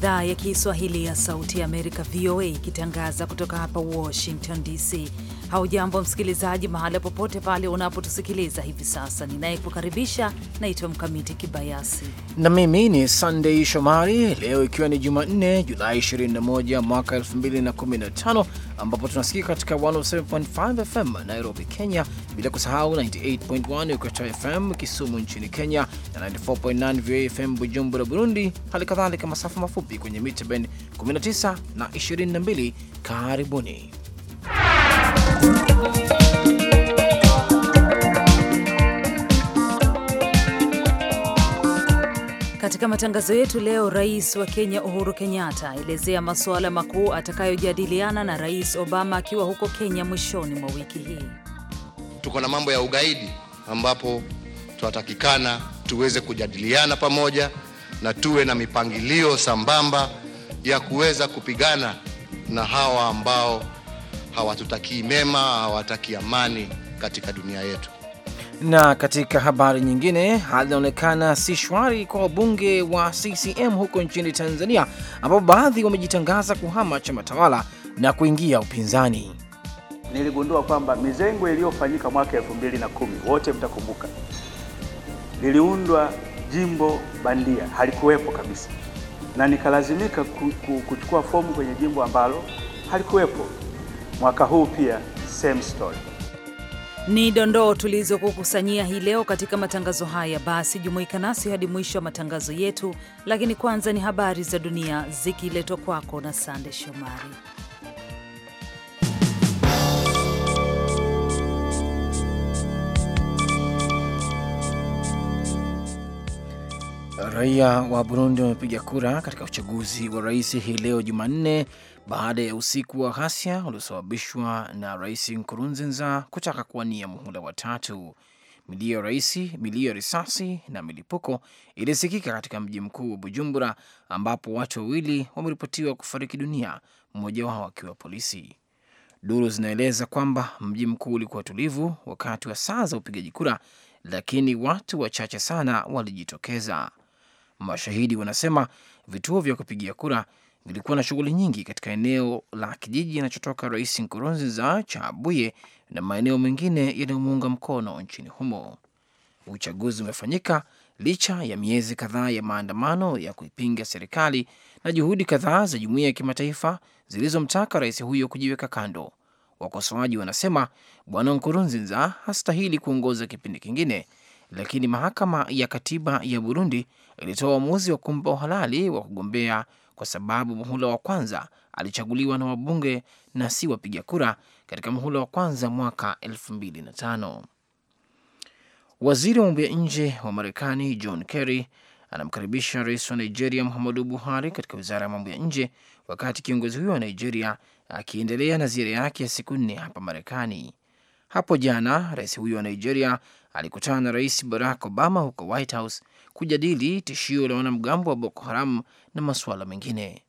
idhaa ya Kiswahili ya Sauti ya Amerika, VOA, ikitangaza kutoka hapa Washington DC. Haujambo msikilizaji, mahala popote pale unapotusikiliza hivi sasa. Ninayekukaribisha naitwa Mkamiti Kibayasi na mimi ni Sunday Shomari. Leo ikiwa ni Jumanne, Julai 21 mwaka 2015, ambapo tunasikika katika 107.5 FM Nairobi, Kenya, bila kusahau 98.1 Ukata FM Kisumu nchini Kenya na 94.9 VOA FM Bujumbura, Burundi, hali kadhalika masafa mafupi kwenye mita bend 19 na 22. Karibuni. Katika matangazo yetu leo, rais wa Kenya Uhuru Kenyatta aelezea masuala makuu atakayojadiliana na Rais Obama akiwa huko Kenya mwishoni mwa wiki hii. Tuko na mambo ya ugaidi, ambapo tunatakikana tuweze kujadiliana pamoja na tuwe na mipangilio sambamba ya kuweza kupigana na hawa ambao hawatutakii mema, hawatakii amani katika dunia yetu. Na katika habari nyingine, hali inaonekana si shwari kwa wabunge wa CCM huko nchini Tanzania, ambapo baadhi wamejitangaza kuhama chama tawala na kuingia upinzani. Niligundua kwamba mizengo iliyofanyika mwaka elfu mbili na kumi, wote mtakumbuka, liliundwa jimbo bandia, halikuwepo kabisa, na nikalazimika kuchukua fomu kwenye jimbo ambalo halikuwepo. Mwaka huu pia same story. Ni dondoo tulizokukusanyia hii leo katika matangazo haya. Basi jumuika nasi hadi mwisho wa matangazo yetu, lakini kwanza ni habari za dunia zikiletwa kwako na Sande Shomari. Raia wa Burundi wamepiga kura katika uchaguzi wa rais hii leo Jumanne baada ya usiku wa ghasia uliosababishwa na Rais Nkurunziza kutaka kuwania muhula wa tatu. Milio ya raisi, milio ya risasi na milipuko ilisikika katika mji mkuu wa Bujumbura, ambapo watu wawili wameripotiwa kufariki dunia, mmoja wao akiwa polisi. Duru zinaeleza kwamba mji mkuu ulikuwa tulivu wakati wa saa za upigaji kura, lakini watu wachache sana walijitokeza. Mashahidi wanasema vituo vya kupigia kura vilikuwa na shughuli nyingi katika eneo la kijiji inachotoka Rais Nkurunziza cha Abuye na maeneo mengine yanayomuunga mkono nchini humo. Uchaguzi umefanyika licha ya miezi kadhaa ya maandamano ya kuipinga serikali na juhudi kadhaa za jumuiya ya kimataifa zilizomtaka rais huyo kujiweka kando. Wakosoaji wanasema bwana Nkurunziza hastahili kuongoza kipindi kingine, lakini mahakama ya katiba ya Burundi ilitoa uamuzi wa kumpa uhalali wa kugombea kwa sababu muhula wa kwanza alichaguliwa na wabunge na si wapiga kura katika muhula wa kwanza mwaka 2005. Waziri wa mambo ya nje wa Marekani John Kerry anamkaribisha rais wa Nigeria Muhammadu Buhari katika wizara ya mambo ya nje, wakati kiongozi huyo wa Nigeria akiendelea na ziara yake ya siku nne hapa Marekani. Hapo jana rais huyo wa Nigeria alikutana na rais Barack Obama huko White House kujadili tishio la wanamgambo wa Boko Haram na masuala mengine.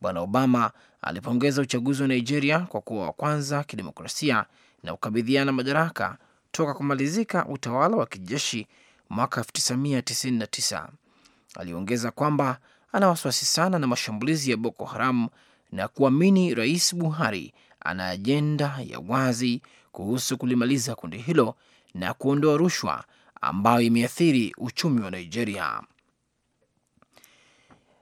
Bwana Obama alipongeza uchaguzi wa Nigeria kwa kuwa wa kwanza kidemokrasia na kukabidhiana madaraka toka kumalizika utawala wa kijeshi mwaka 1999. Aliongeza kwamba ana wasiwasi sana na mashambulizi ya Boko Haram na kuamini Rais Buhari ana ajenda ya wazi kuhusu kulimaliza kundi hilo na kuondoa rushwa ambayo imeathiri uchumi wa Nigeria.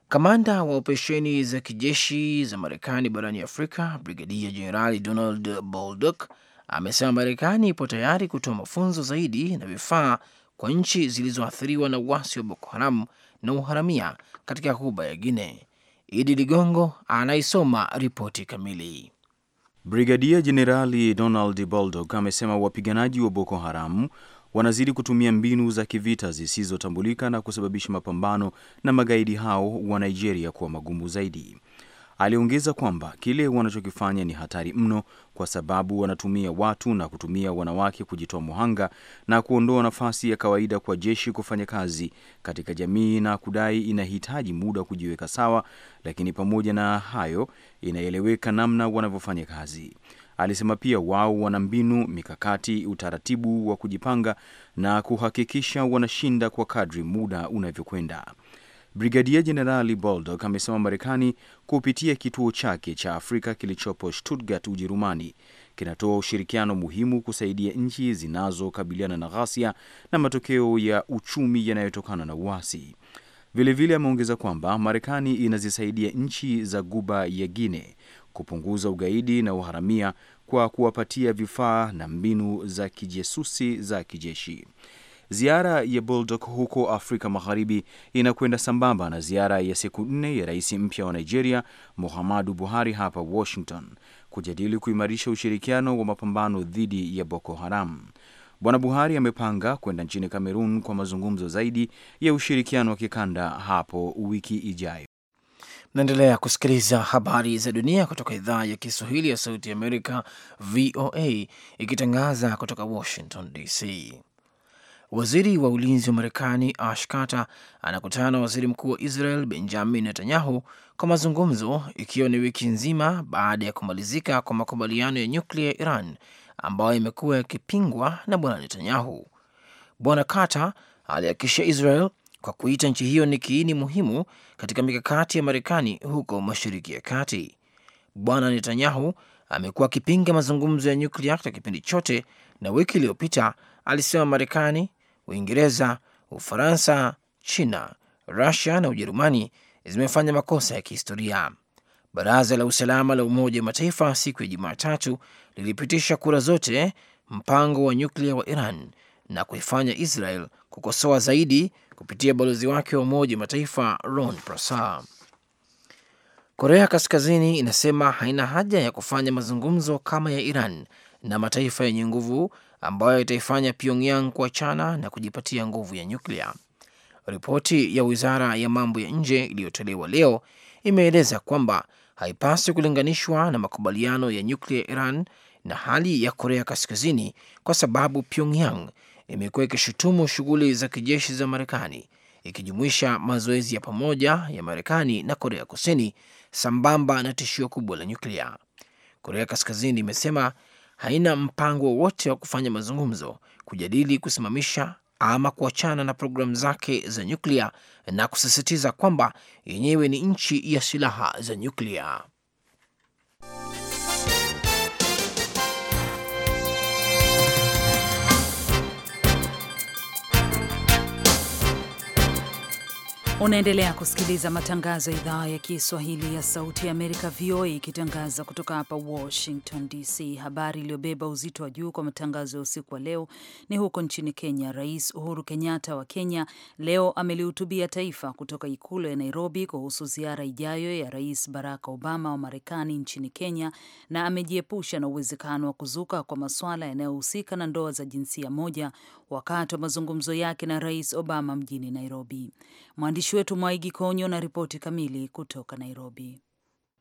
Kamanda wa operesheni za kijeshi za Marekani barani Afrika, Brigadia Jenerali Donald Bolduc amesema Marekani ipo tayari kutoa mafunzo zaidi na vifaa kwa nchi zilizoathiriwa na uasi wa Boko Haram na uharamia katika Ghuba ya Guine. Idi Ligongo anaisoma ripoti kamili. Brigadia Jenerali Donald Bolduc amesema wapiganaji wa Boko Haram wanazidi kutumia mbinu za kivita zisizotambulika na kusababisha mapambano na magaidi hao wa Nigeria kuwa magumu zaidi. Aliongeza kwamba kile wanachokifanya ni hatari mno, kwa sababu wanatumia watu na kutumia wanawake kujitoa muhanga na kuondoa nafasi ya kawaida kwa jeshi kufanya kazi katika jamii, na kudai inahitaji muda kujiweka sawa, lakini pamoja na hayo, inaeleweka namna wanavyofanya kazi. Alisema pia wao wana mbinu, mikakati, utaratibu wa kujipanga na kuhakikisha wanashinda kwa kadri muda unavyokwenda. Brigadia Jenerali boldok amesema Marekani kupitia kituo chake cha Afrika kilichopo Stuttgart, Ujerumani, kinatoa ushirikiano muhimu kusaidia nchi zinazokabiliana na ghasia na matokeo ya uchumi yanayotokana na uasi. Vilevile ameongeza kwamba Marekani inazisaidia nchi za Guba ya Guine kupunguza ugaidi na uharamia kwa kuwapatia vifaa na mbinu za kijesusi za kijeshi. Ziara ya Bulldog huko Afrika Magharibi inakwenda sambamba na ziara ya siku nne ya rais mpya wa Nigeria Muhammadu Buhari hapa Washington kujadili kuimarisha ushirikiano wa mapambano dhidi ya Boko Haram. Bwana Buhari amepanga kwenda nchini Kamerun kwa mazungumzo zaidi ya ushirikiano wa kikanda hapo wiki ijayo. Naendelea kusikiliza habari za dunia kutoka idhaa ya Kiswahili ya Sauti Amerika, VOA, ikitangaza kutoka Washington DC. Waziri wa ulinzi wa Marekani Ash Carter anakutana na waziri mkuu wa Israel Benjamin Netanyahu kwa mazungumzo, ikiwa ni wiki nzima baada ya kumalizika kwa makubaliano ya nyuklia ya Iran ambayo imekuwa yakipingwa na Bwana Netanyahu. Bwana Carter aliakisha Israel kwa kuita nchi hiyo ni kiini muhimu katika mikakati ya Marekani huko Mashariki ya Kati. Bwana Netanyahu amekuwa akipinga mazungumzo ya nyuklia katika kipindi chote, na wiki iliyopita alisema Marekani, Uingereza, Ufaransa, China, Rusia na Ujerumani zimefanya makosa ya kihistoria. Baraza la Usalama la Umoja wa Mataifa siku ya Jumatatu lilipitisha kura zote mpango wa nyuklia wa Iran na kuifanya Israel kukosoa zaidi kupitia balozi wake wa Umoja wa Mataifa Ron prasa Korea Kaskazini inasema haina haja ya kufanya mazungumzo kama ya Iran na mataifa yenye nguvu ambayo itaifanya Pyongyang kuachana na kujipatia nguvu ya nyuklia. Ripoti ya wizara ya mambo ya nje iliyotolewa leo imeeleza kwamba haipaswi kulinganishwa na makubaliano ya nyuklia ya Iran na hali ya Korea Kaskazini kwa sababu Pyongyang imekuwa ikishutumu shughuli za kijeshi za Marekani ikijumuisha mazoezi ya pamoja ya Marekani na Korea Kusini sambamba na tishio kubwa la nyuklia. Korea Kaskazini imesema haina mpango wowote wa kufanya mazungumzo, kujadili kusimamisha ama kuachana na programu zake za nyuklia na kusisitiza kwamba yenyewe ni nchi ya silaha za nyuklia. Unaendelea kusikiliza matangazo ya idhaa ya Kiswahili ya Sauti ya Amerika, VOA, ikitangaza kutoka hapa Washington DC. Habari iliyobeba uzito wa juu kwa matangazo ya usiku wa leo ni huko nchini Kenya. Rais Uhuru Kenyatta wa Kenya leo amelihutubia taifa kutoka ikulu ya Nairobi kuhusu ziara ijayo ya Rais Barack Obama wa Marekani nchini Kenya, na amejiepusha na uwezekano wa kuzuka kwa masuala yanayohusika na ndoa za jinsia moja wakati wa mazungumzo yake na Rais Obama mjini Nairobi. Mwandishi Mwandishi wetu Mwaigi Konyo na ripoti kamili kutoka Nairobi.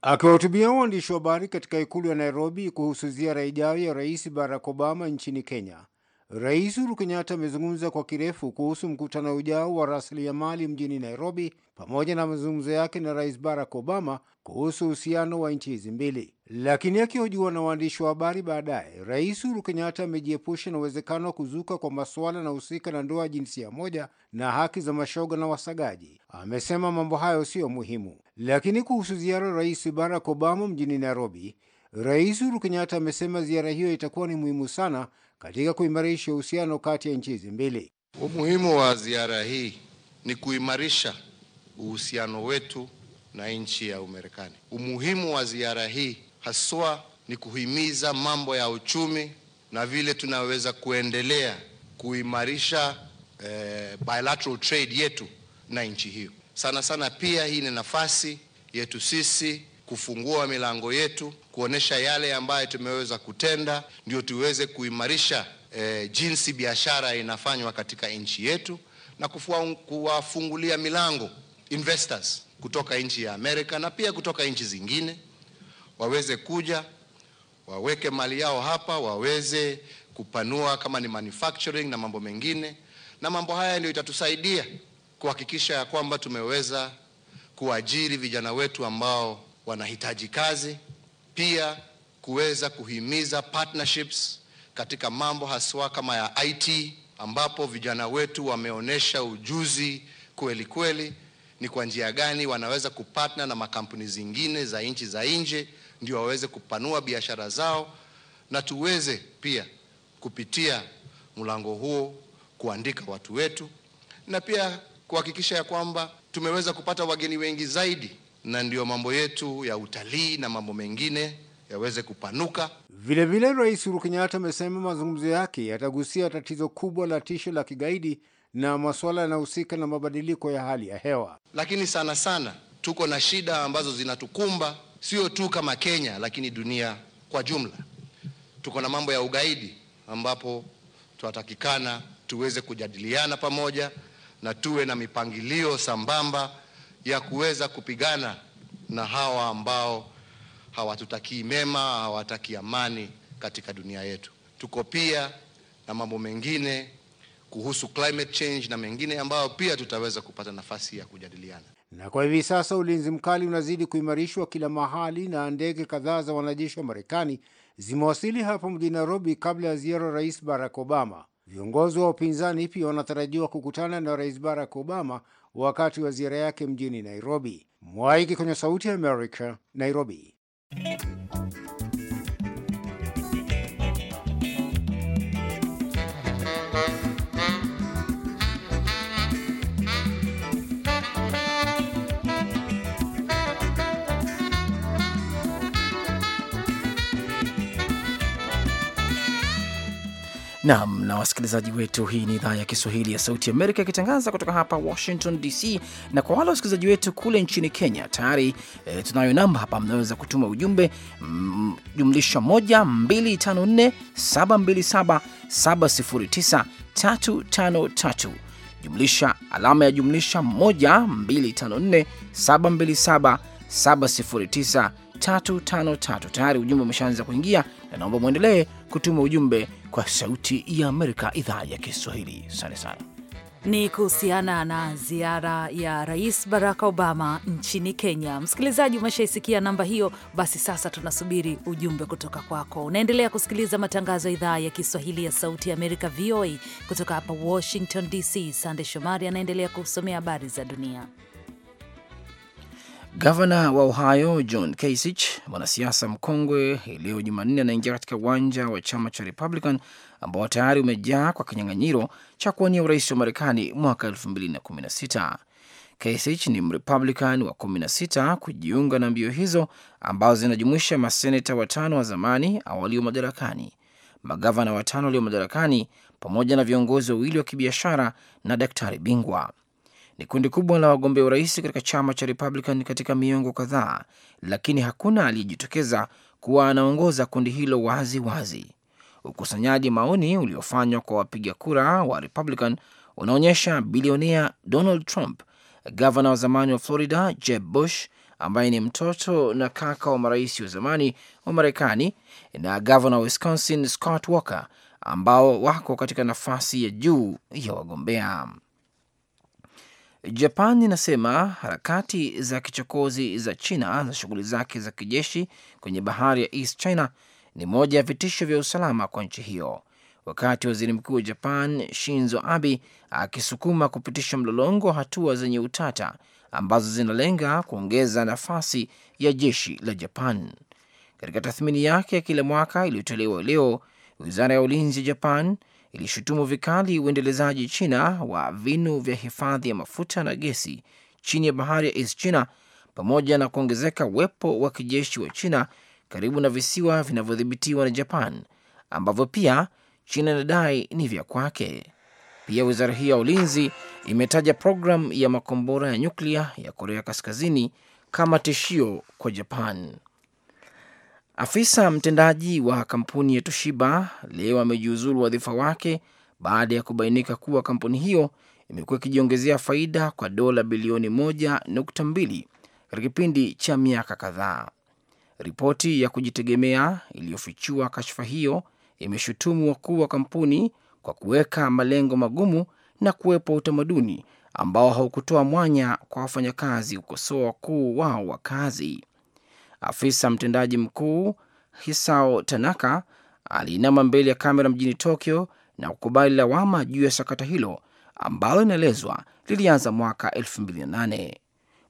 Akiwahutubia waandishi wa habari katika ikulu ya Nairobi kuhusu ziara ijayo ya Rais Barack Obama nchini Kenya, Rais Uhuru Kenyatta amezungumza kwa kirefu kuhusu mkutano ujao wa rasilimali mjini Nairobi, pamoja na mazungumzo yake na Rais Barack Obama kuhusu uhusiano wa nchi hizi mbili. Lakini akihojiwa na waandishi wa habari baadaye, Rais Uhuru Kenyatta amejiepusha na uwezekano wa kuzuka kwa masuala yanahusika na ndoa jinsia moja na haki za mashoga na wasagaji. Amesema mambo hayo siyo muhimu. Lakini kuhusu ziara ya Rais Barack Obama mjini Nairobi, Rais Uhuru Kenyatta amesema ziara hiyo itakuwa ni muhimu sana katika kuimarisha uhusiano kati ya nchi hizi mbili. Umuhimu wa ziara hii ni kuimarisha uhusiano wetu na nchi ya Umarekani. Umuhimu wa ziara hii haswa ni kuhimiza mambo ya uchumi na vile tunaweza kuendelea kuimarisha eh, bilateral trade yetu na nchi hiyo. Sana sana pia hii ni nafasi yetu sisi kufungua milango yetu, kuonesha yale ambayo tumeweza kutenda, ndio tuweze kuimarisha e, jinsi biashara inafanywa katika nchi yetu na kuwafungulia milango investors kutoka nchi ya Amerika na pia kutoka nchi zingine waweze kuja waweke mali yao hapa, waweze kupanua kama ni manufacturing na mambo mengine. Na mambo haya ndio itatusaidia kuhakikisha ya kwamba tumeweza kuajiri vijana wetu ambao wanahitaji kazi, pia kuweza kuhimiza partnerships katika mambo haswa kama ya IT ambapo vijana wetu wameonyesha ujuzi kweli kweli, ni kwa njia gani wanaweza kupatna na makampuni zingine za nchi za nje ndio waweze kupanua biashara zao, na tuweze pia kupitia mlango huo kuandika watu wetu na pia kuhakikisha ya kwamba tumeweza kupata wageni wengi zaidi na ndiyo mambo yetu ya utalii na mambo mengine yaweze kupanuka. Vilevile, Rais Uhuru Kenyatta amesema mazungumzo yake yatagusia tatizo kubwa la tisho la kigaidi na masuala yanayohusika na mabadiliko ya hali ya hewa, lakini sana sana tuko na shida ambazo zinatukumba sio tu kama Kenya, lakini dunia kwa jumla. Tuko na mambo ya ugaidi ambapo tunatakikana tuweze kujadiliana pamoja na tuwe na mipangilio sambamba ya kuweza kupigana na hawa ambao hawatutakii mema, hawataki amani katika dunia yetu. Tuko pia na mambo mengine kuhusu climate change na mengine ambayo pia tutaweza kupata nafasi ya kujadiliana. Na kwa hivi sasa ulinzi mkali unazidi kuimarishwa kila mahali na ndege kadhaa za wanajeshi wa Marekani zimewasili hapa mjini Nairobi kabla ya ziara ya Rais Barack Obama. Viongozi wa upinzani pia wanatarajiwa kukutana na Rais Barack Obama wakati wa ziara yake mjini Nairobi. Mwaiki kwenye Sauti ya Amerika, Nairobi. Naam, na wasikilizaji wetu, hii ni idhaa ya Kiswahili ya Sauti Amerika ikitangaza kutoka hapa Washington DC, na kwa wale wasikilizaji wetu kule nchini Kenya tayari e, tunayo namba hapa, mnaweza kutuma ujumbe mm, jumlisha 1254727709353 jumlisha alama ya jumlisha 1254727709353. Tayari ujumbe umeshaanza kuingia na naomba mwendelee kutuma ujumbe kwa Sauti ya Amerika, idhaa ya Kiswahili. Asante sana. Ni kuhusiana na ziara ya Rais Barack Obama nchini Kenya. Msikilizaji, umeshaisikia namba hiyo, basi sasa tunasubiri ujumbe kutoka kwako. Unaendelea kusikiliza matangazo ya idhaa ya Kiswahili ya Sauti ya Amerika, VOA, kutoka hapa Washington DC. Sande Shomari anaendelea kusomea habari za dunia. Gavana wa Ohio John Kasich, mwanasiasa mkongwe, hii leo Jumanne anaingia katika uwanja wa chama cha Republican ambao tayari umejaa kwa kinyang'anyiro cha kuwania urais wa Marekani mwaka 2016. Kasich ni Mrepublican wa 16 kujiunga na mbio hizo ambazo zinajumuisha maseneta watano wa zamani au walio madarakani, magavana watano walio madarakani, pamoja na viongozi wawili wa kibiashara na daktari bingwa ni kundi kubwa la wagombea urais katika chama cha Republican katika miongo kadhaa, lakini hakuna aliyejitokeza kuwa anaongoza kundi hilo wazi wazi. Ukusanyaji maoni uliofanywa kwa wapiga kura wa Republican unaonyesha bilionea Donald Trump, gavana wa zamani wa Florida Jeb Bush, ambaye ni mtoto na kaka wa marais wa zamani wa Marekani, na gavana wa Wisconsin Scott Walker, ambao wako katika nafasi ya juu ya wagombea. Japan inasema harakati za kichokozi za China za shughuli zake za kijeshi kwenye bahari ya East China ni moja ya vitisho vya usalama kwa nchi hiyo. Wakati waziri mkuu wa Japan Shinzo Abe akisukuma kupitisha mlolongo wa hatua zenye utata ambazo zinalenga kuongeza nafasi ya jeshi la Japan. Katika tathmini yake ya kila mwaka iliyotolewa leo, wizara ya ulinzi ya Japan ilishutumu vikali uendelezaji China wa vinu vya hifadhi ya mafuta na gesi chini ya bahari ya East China pamoja na kuongezeka uwepo wa kijeshi wa China karibu na visiwa vinavyodhibitiwa na Japan ambavyo pia China inadai ni vya kwake. Pia wizara hiyo ya ulinzi imetaja programu ya makombora ya nyuklia ya Korea Kaskazini kama tishio kwa Japan. Afisa mtendaji wa kampuni ya Toshiba leo amejiuzulu wadhifa wake baada ya kubainika kuwa kampuni hiyo imekuwa ikijiongezea faida kwa dola bilioni moja nukta mbili katika kipindi cha miaka kadhaa. Ripoti ya kujitegemea iliyofichua kashfa hiyo imeshutumu wakuu wa kampuni kwa kuweka malengo magumu na kuwepo utamaduni ambao haukutoa mwanya kwa wafanyakazi kukosoa wakuu wao wa kazi. Afisa mtendaji mkuu Hisao Tanaka aliinama mbele ya kamera mjini Tokyo na kukubali lawama juu ya sakata hilo ambalo inaelezwa lilianza mwaka 2008.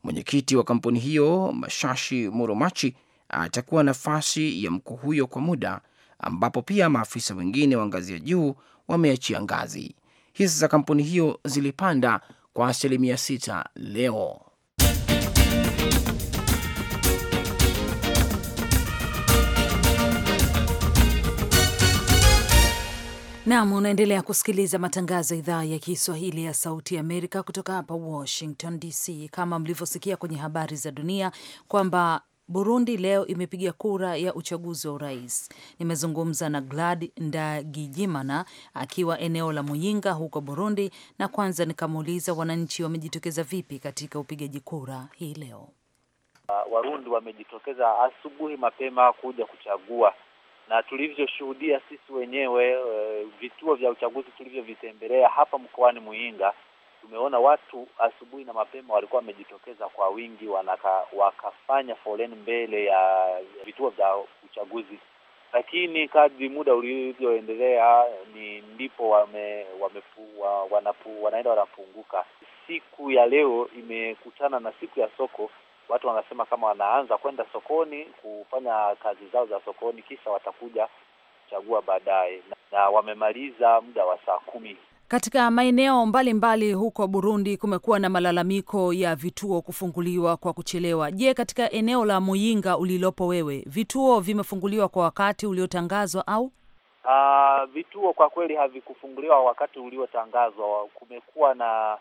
Mwenyekiti wa kampuni hiyo Mashashi Muromachi atakuwa nafasi ya mkuu huyo kwa muda, ambapo pia maafisa wengine wa ngazi ya juu wameachia ngazi. Hisa za kampuni hiyo zilipanda kwa asilimia 6 leo. Nam, unaendelea kusikiliza matangazo ya idhaa ya Kiswahili ya Sauti ya Amerika kutoka hapa Washington DC. Kama mlivyosikia kwenye habari za dunia kwamba Burundi leo imepiga kura ya uchaguzi wa urais. Nimezungumza na Glad Ndagijimana akiwa eneo la Muyinga huko Burundi, na kwanza nikamuuliza wananchi wamejitokeza vipi katika upigaji kura hii leo. Uh, Warundi wamejitokeza asubuhi mapema kuja kuchagua na tulivyoshuhudia sisi wenyewe e, vituo vya uchaguzi tulivyovitembelea hapa mkoani muinga tumeona watu asubuhi na mapema walikuwa wamejitokeza kwa wingi wanaka, wakafanya foleni mbele ya vituo vya uchaguzi, lakini kadri muda ulivyoendelea ni ndipo wame, wamepu, wa, wanapu, wanaenda wanapunguka. Siku ya leo imekutana na siku ya soko watu wanasema kama wanaanza kwenda sokoni kufanya kazi zao za sokoni, kisha watakuja kuchagua baadaye, na wamemaliza muda wa saa kumi. Katika maeneo mbalimbali huko Burundi kumekuwa na malalamiko ya vituo kufunguliwa kwa kuchelewa. Je, katika eneo la Muyinga ulilopo wewe, vituo vimefunguliwa kwa wakati uliotangazwa au? Uh, vituo kwa kweli havikufunguliwa wakati uliotangazwa. Kumekuwa na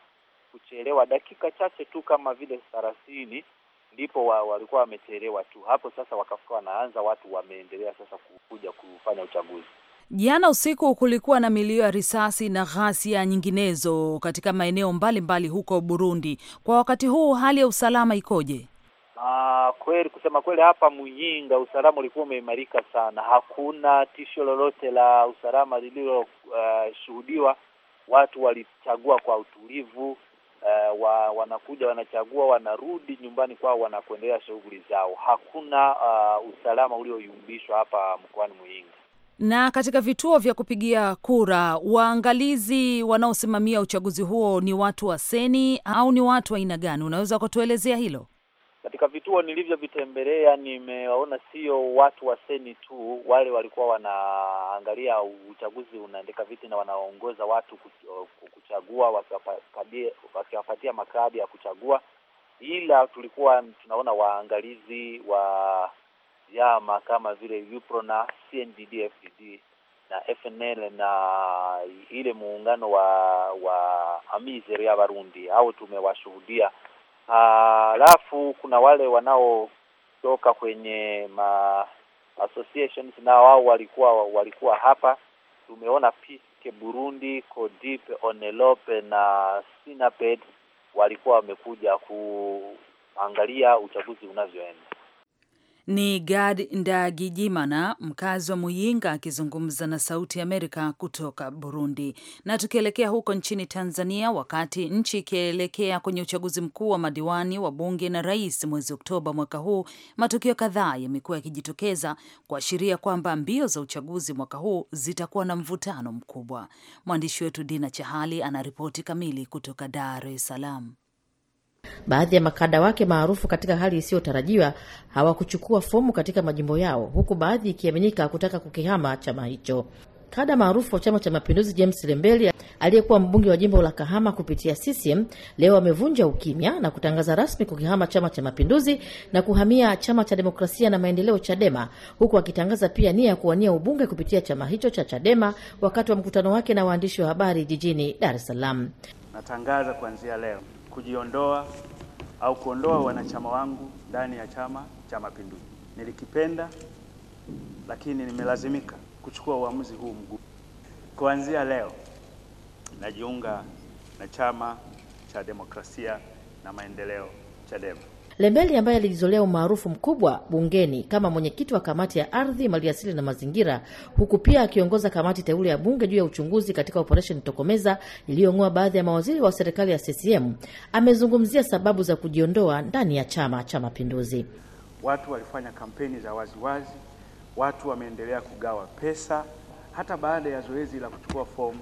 kuchelewa dakika chache tu kama vile thelathini ndipo wa, walikuwa wamechelewa tu hapo. Sasa wakafika wanaanza, watu wameendelea sasa kuja kufanya uchaguzi. Jana usiku kulikuwa na milio ya risasi na ghasia nyinginezo katika maeneo mbalimbali huko Burundi. Kwa wakati huu hali ya usalama ikoje? Aa, ah, kweli kusema kweli, hapa Muyinga usalama ulikuwa umeimarika sana, hakuna tisho lolote la usalama lililoshuhudiwa. Uh, watu walichagua kwa utulivu uh, wa, wanakuja wanachagua, wanarudi nyumbani kwao, wanakuendelea shughuli zao. Hakuna uh, usalama ulioyumbishwa hapa mkoani Muyinga. Na katika vituo vya kupigia kura, waangalizi wanaosimamia uchaguzi huo ni watu wa seni au ni watu wa aina gani? Unaweza kutuelezea hilo? Katika vituo nilivyovitembelea, nimewaona sio watu wa seni tu, wale walikuwa wanaangalia uchaguzi unaendeka viti na wanaongoza watu kuchagua, wakiwapatia makadi ya kuchagua, ila tulikuwa tunaona waangalizi wa vyama kama vile UPRO na CNDD FDD na FNL na ile muungano wa wa Amize ya Barundi, au tumewashuhudia halafu kuna wale wanaotoka kwenye ma associations na wao walikuwa walikuwa hapa. Tumeona Piske Burundi, Codip, Onelope na Sinaped walikuwa wamekuja kuangalia uchaguzi unavyoenda. Ni Gad Ndagijimana, mkazi wa Muyinga, akizungumza na Sauti Amerika kutoka Burundi. Na tukielekea huko nchini Tanzania, wakati nchi ikielekea kwenye uchaguzi mkuu wa madiwani wa bunge na rais mwezi Oktoba mwaka huu, matukio kadhaa yamekuwa yakijitokeza kuashiria kwamba mbio za uchaguzi mwaka huu zitakuwa na mvutano mkubwa. Mwandishi wetu Dina Chahali anaripoti kamili kutoka Dar es Salaam. Baadhi ya makada wake maarufu, katika hali isiyotarajiwa, hawakuchukua fomu katika majimbo yao, huku baadhi ikiaminika kutaka kukihama chama hicho. Kada maarufu wa Chama cha Mapinduzi James Lembeli aliyekuwa mbunge wa jimbo la Kahama kupitia CCM leo amevunja ukimya na kutangaza rasmi kukihama Chama cha Mapinduzi na kuhamia Chama cha Demokrasia na Maendeleo, CHADEMA, huku akitangaza pia nia ya kuwania ubunge kupitia chama hicho cha CHADEMA wakati wa mkutano wake na waandishi wa habari jijini Dar es Salaam. Natangaza kuanzia leo kujiondoa au kuondoa wanachama wangu ndani ya Chama cha Mapinduzi. Nilikipenda, lakini nimelazimika kuchukua uamuzi huu mgumu. Kuanzia leo najiunga na Chama cha Demokrasia na Maendeleo, Chadema. Lembeli ambaye alijizolea umaarufu mkubwa bungeni kama mwenyekiti wa kamati ya ardhi, maliasili na mazingira, huku pia akiongoza kamati teule ya bunge juu ya uchunguzi katika operesheni Tokomeza iliyong'oa baadhi ya mawaziri wa serikali ya CCM, amezungumzia sababu za kujiondoa ndani ya Chama cha Mapinduzi. Watu walifanya kampeni za waziwazi wazi, watu wameendelea kugawa pesa hata baada ya zoezi la kuchukua fomu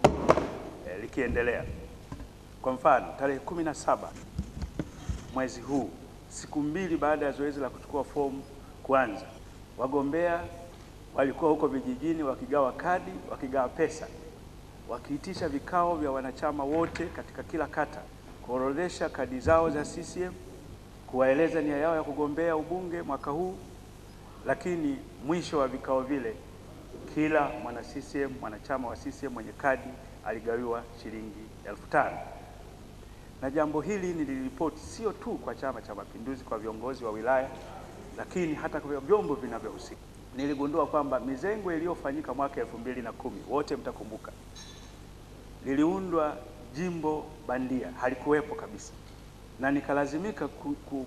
eh, likiendelea. Kwa mfano tarehe kumi na saba mwezi huu siku mbili baada ya zoezi la kuchukua fomu kuanza, wagombea walikuwa huko vijijini wakigawa kadi, wakigawa pesa, wakiitisha vikao vya wanachama wote katika kila kata kuorodhesha kadi zao za CCM, kuwaeleza nia yao ya kugombea ubunge mwaka huu. Lakini mwisho wa vikao vile, kila mwana CCM, mwanachama wa CCM mwenye kadi aligawiwa shilingi elfu tano na jambo hili niliripoti sio tu kwa Chama cha Mapinduzi, kwa viongozi wa wilaya, lakini hata kwa vyombo vinavyohusika. Niligundua kwamba mizengo iliyofanyika mwaka elfu mbili na kumi, wote mtakumbuka, liliundwa jimbo bandia, halikuwepo kabisa, na nikalazimika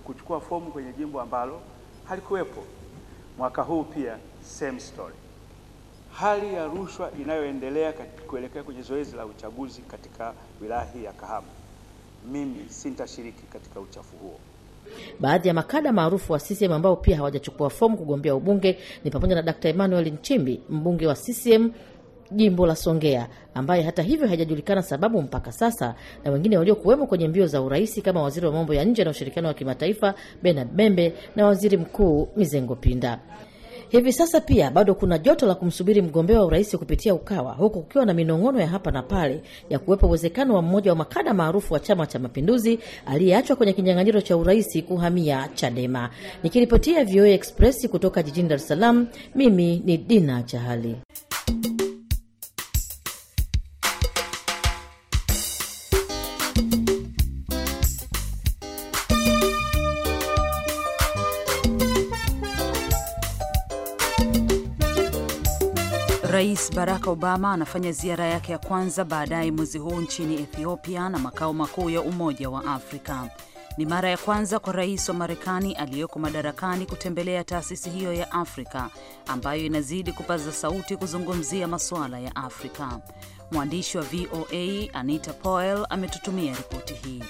kuchukua fomu kwenye jimbo ambalo halikuwepo. Mwaka huu pia same story. Hali ya rushwa inayoendelea kuelekea kwenye zoezi la uchaguzi katika wilaya hii ya Kahama mimi sintashiriki katika uchafu huo. Baadhi ya makada maarufu wa CCM ambao pia hawajachukua fomu kugombea ubunge ni pamoja na Dkt. Emmanuel Nchimbi, mbunge wa CCM jimbo la Songea, ambaye hata hivyo haijajulikana sababu mpaka sasa, na wengine waliokuwemo kwenye mbio za urais kama waziri wa mambo ya nje na ushirikiano wa kimataifa Bernard Membe na waziri mkuu Mizengo Pinda. Hivi sasa pia bado kuna joto la kumsubiri mgombea wa urais kupitia Ukawa, huku kukiwa na minong'ono ya hapa na pale ya kuwepo uwezekano wa mmoja wa makada maarufu wa Chama cha Mapinduzi aliyeachwa kwenye kinyang'anyiro cha urais kuhamia Chadema. Nikiripotia VOA Express kutoka jijini dares salam Salaam, mimi ni Dina Chahali. Barack Obama anafanya ziara yake ya kwanza baadaye mwezi huu nchini Ethiopia na makao makuu ya Umoja wa Afrika. Ni mara ya kwanza kwa rais wa Marekani aliyeko madarakani kutembelea taasisi hiyo ya Afrika ambayo inazidi kupaza sauti kuzungumzia masuala ya Afrika. Mwandishi wa VOA Anita Powell ametutumia ripoti hii.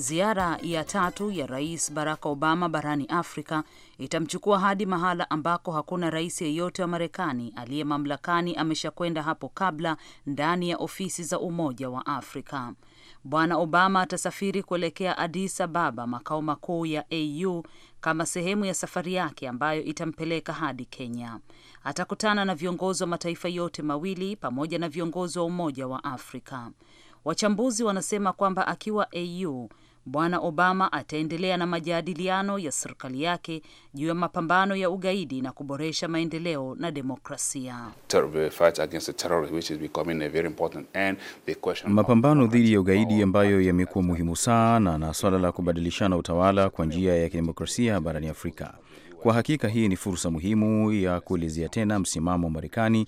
Ziara ya tatu ya Rais Barack Obama barani Afrika itamchukua hadi mahala ambako hakuna rais yeyote wa Marekani aliye mamlakani ameshakwenda hapo kabla, ndani ya ofisi za Umoja wa Afrika. Bwana Obama atasafiri kuelekea Addis Ababa, makao makuu ya AU, kama sehemu ya safari yake ambayo itampeleka hadi Kenya. Atakutana na viongozi wa mataifa yote mawili pamoja na viongozi wa Umoja wa Afrika. Wachambuzi wanasema kwamba akiwa AU Bwana Obama ataendelea na majadiliano ya serikali yake juu ya mapambano ya ugaidi na kuboresha maendeleo na demokrasia. Mapambano dhidi ya ugaidi ambayo yamekuwa muhimu sana na swala la kubadilishana utawala kwa njia ya kidemokrasia barani Afrika. Kwa hakika hii ni fursa muhimu ya kuelezea tena msimamo wa Marekani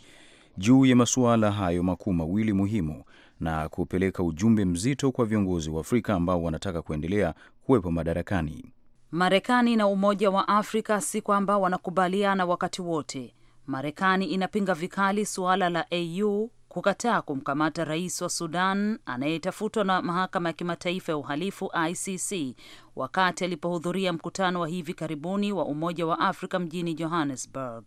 juu ya masuala hayo makuu mawili muhimu na kupeleka ujumbe mzito kwa viongozi wa Afrika ambao wanataka kuendelea kuwepo madarakani. Marekani na Umoja wa Afrika si kwamba wanakubaliana wakati wote. Marekani inapinga vikali suala la AU kukataa kumkamata rais wa Sudan anayetafutwa na mahakama ya kimataifa ya uhalifu ICC wakati alipohudhuria mkutano wa hivi karibuni wa Umoja wa Afrika mjini Johannesburg.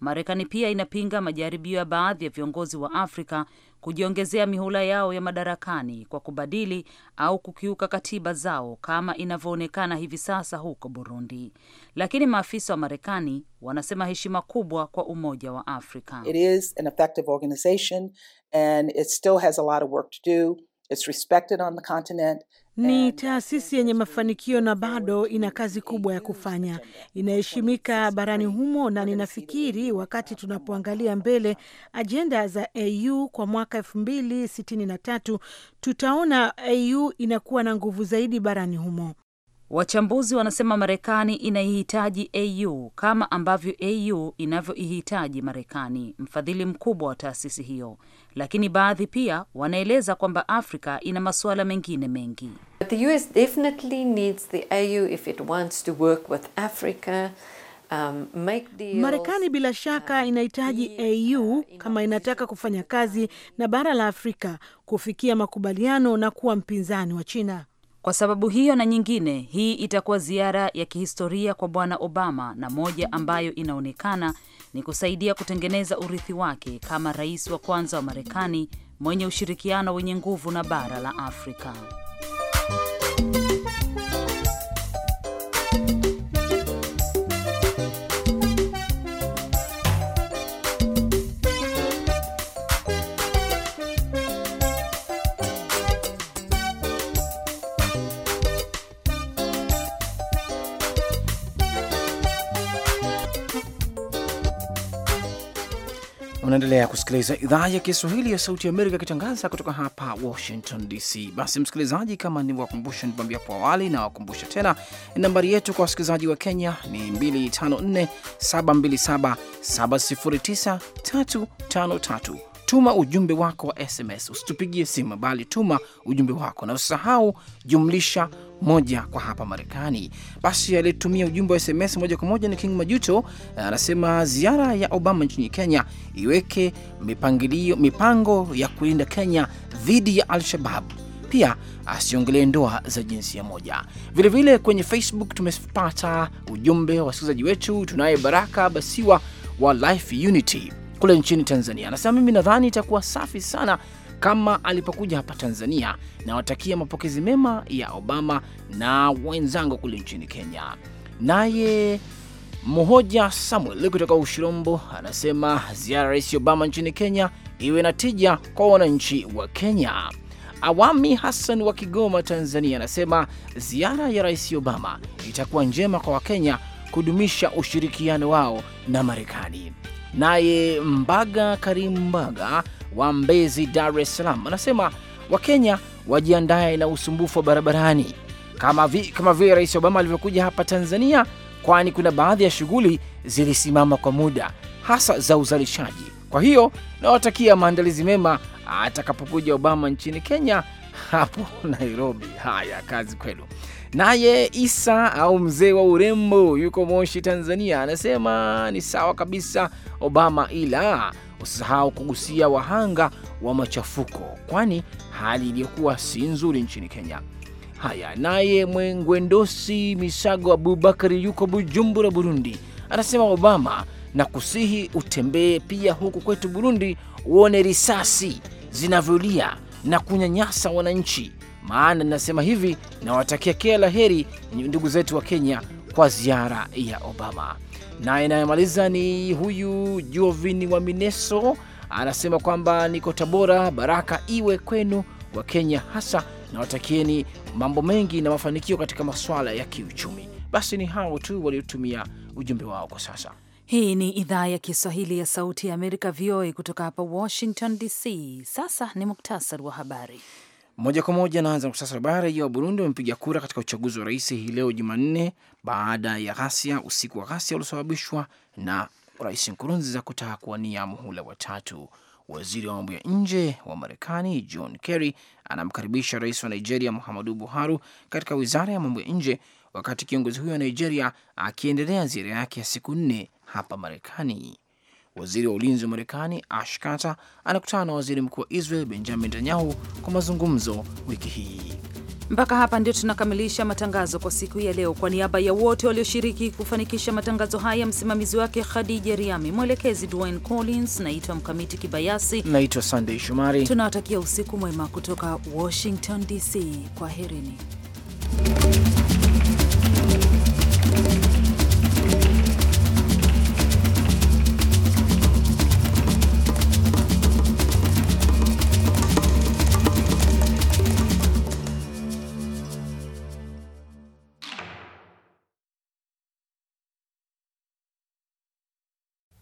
Marekani pia inapinga majaribio ya baadhi ya viongozi wa Afrika kujiongezea mihula yao ya madarakani kwa kubadili au kukiuka katiba zao kama inavyoonekana hivi sasa huko Burundi. Lakini maafisa wa Marekani wanasema heshima kubwa kwa Umoja wa Afrika. It is an effective organization and it still has a lot of work to do. It's respected on the continent. Ni taasisi yenye mafanikio na bado ina kazi kubwa ya kufanya. Inaheshimika barani humo, na ninafikiri wakati tunapoangalia mbele ajenda za AU kwa mwaka elfu mbili sitini na tatu tutaona AU inakuwa na nguvu zaidi barani humo. Wachambuzi wanasema Marekani inaihitaji AU kama ambavyo AU inavyoihitaji Marekani, mfadhili mkubwa wa taasisi hiyo. Lakini baadhi pia wanaeleza kwamba Afrika ina masuala mengine mengi. Um, Marekani bila shaka uh, inahitaji AU uh, kama inataka kufanya kazi na bara la Afrika kufikia makubaliano na kuwa mpinzani wa China. Kwa sababu hiyo na nyingine, hii itakuwa ziara ya kihistoria kwa Bwana Obama na moja ambayo inaonekana ni kusaidia kutengeneza urithi wake kama rais wa kwanza wa Marekani mwenye ushirikiano wenye nguvu na bara la Afrika. Unaendelea kusikiliza idhaa ya Kiswahili ya Sauti ya Amerika ikitangaza kutoka hapa Washington DC. Basi msikilizaji, kama nilivyokumbusha nikuambia hapo awali, na wakumbusha tena, nambari yetu kwa wasikilizaji wa Kenya ni 254727709353. Tuma ujumbe wako wa SMS, usitupigie simu, bali tuma ujumbe wako na usisahau jumlisha moja kwa hapa Marekani. Basi aliyetumia ujumbe wa SMS moja kwa moja ni King Majuto, eh, anasema ziara ya Obama nchini Kenya iweke mipangilio, mipango ya kulinda Kenya dhidi ya Al-Shabab, pia asiongelee ndoa za jinsia moja. Vilevile vile kwenye Facebook tumepata ujumbe wa wasikilizaji wetu. Tunaye Baraka Basiwa wa Life Unity kule nchini Tanzania, anasema mimi nadhani itakuwa safi sana kama alipokuja hapa Tanzania. Nawatakia mapokezi mema ya Obama na wenzangu kule nchini Kenya. Naye Mohoja Samuel kutoka Ushirombo anasema ziara ya Rais Obama nchini Kenya iwe na tija kwa wananchi wa Kenya. Awami Hassan wa Kigoma, Tanzania anasema ziara ya Rais Obama itakuwa njema kwa Wakenya kudumisha ushirikiano wao na Marekani. Naye Mbaga Karim Mbaga wa Mbezi, Dar es Salaam, anasema Wakenya wajiandae na usumbufu wa barabarani kama vile kama vile Rais Obama alivyokuja hapa Tanzania, kwani kuna baadhi ya shughuli zilisimama kwa muda, hasa za uzalishaji. Kwa hiyo nawatakia maandalizi mema atakapokuja Obama nchini Kenya hapo Nairobi. Haya, kazi kwenu. Naye Isa au mzee wa urembo yuko Moshi, Tanzania, anasema ni sawa kabisa Obama, ila Usisahau kugusia wahanga wa machafuko, kwani hali iliyokuwa si nzuri nchini Kenya. Haya, naye Mwengwendosi Misago Abubakari yuko Bujumbura, Burundi, anasema Obama na kusihi utembee pia huku kwetu Burundi uone risasi zinavyolia na kunyanyasa wananchi. Maana inasema hivi, nawatakia kila la heri ndugu zetu wa Kenya kwa ziara ya Obama na inayomaliza ni huyu Jovini wa Mineso anasema kwamba niko Tabora, baraka iwe kwenu wa Kenya hasa, na watakieni mambo mengi na mafanikio katika masuala ya kiuchumi. Basi ni hao tu waliotumia ujumbe wao kwa sasa. Hii ni idhaa ya Kiswahili ya Sauti ya Amerika, VOA, kutoka hapa Washington DC. Sasa ni muktasari wa habari. Moja kwa moja naanza muktasari habari. ya wa Burundi wamepiga kura katika uchaguzi wa rais hii leo Jumanne, baada ya ghasia, usiku wa ghasia uliosababishwa na rais Nkurunziza kutaka kuwania muhula watatu. Waziri wa mambo ya nje wa Marekani John Kerry anamkaribisha rais wa Nigeria Muhammadu Buhari katika wizara ya mambo ya nje, wakati kiongozi huyo wa Nigeria akiendelea ziara yake ya siku nne hapa Marekani. Waziri wa ulinzi wa Marekani Ash Carter anakutana na waziri mkuu wa Israel Benjamin Netanyahu kwa mazungumzo wiki hii. Mpaka hapa ndio tunakamilisha matangazo kwa siku ya leo. Kwa niaba ya wote walioshiriki kufanikisha matangazo haya, msimamizi wake Khadija Riami, mwelekezi Dwayne Collins, naitwa Mkamiti Kibayasi, naitwa Sandey Shomari. Tunawatakia usiku mwema kutoka Washington DC. kwa herini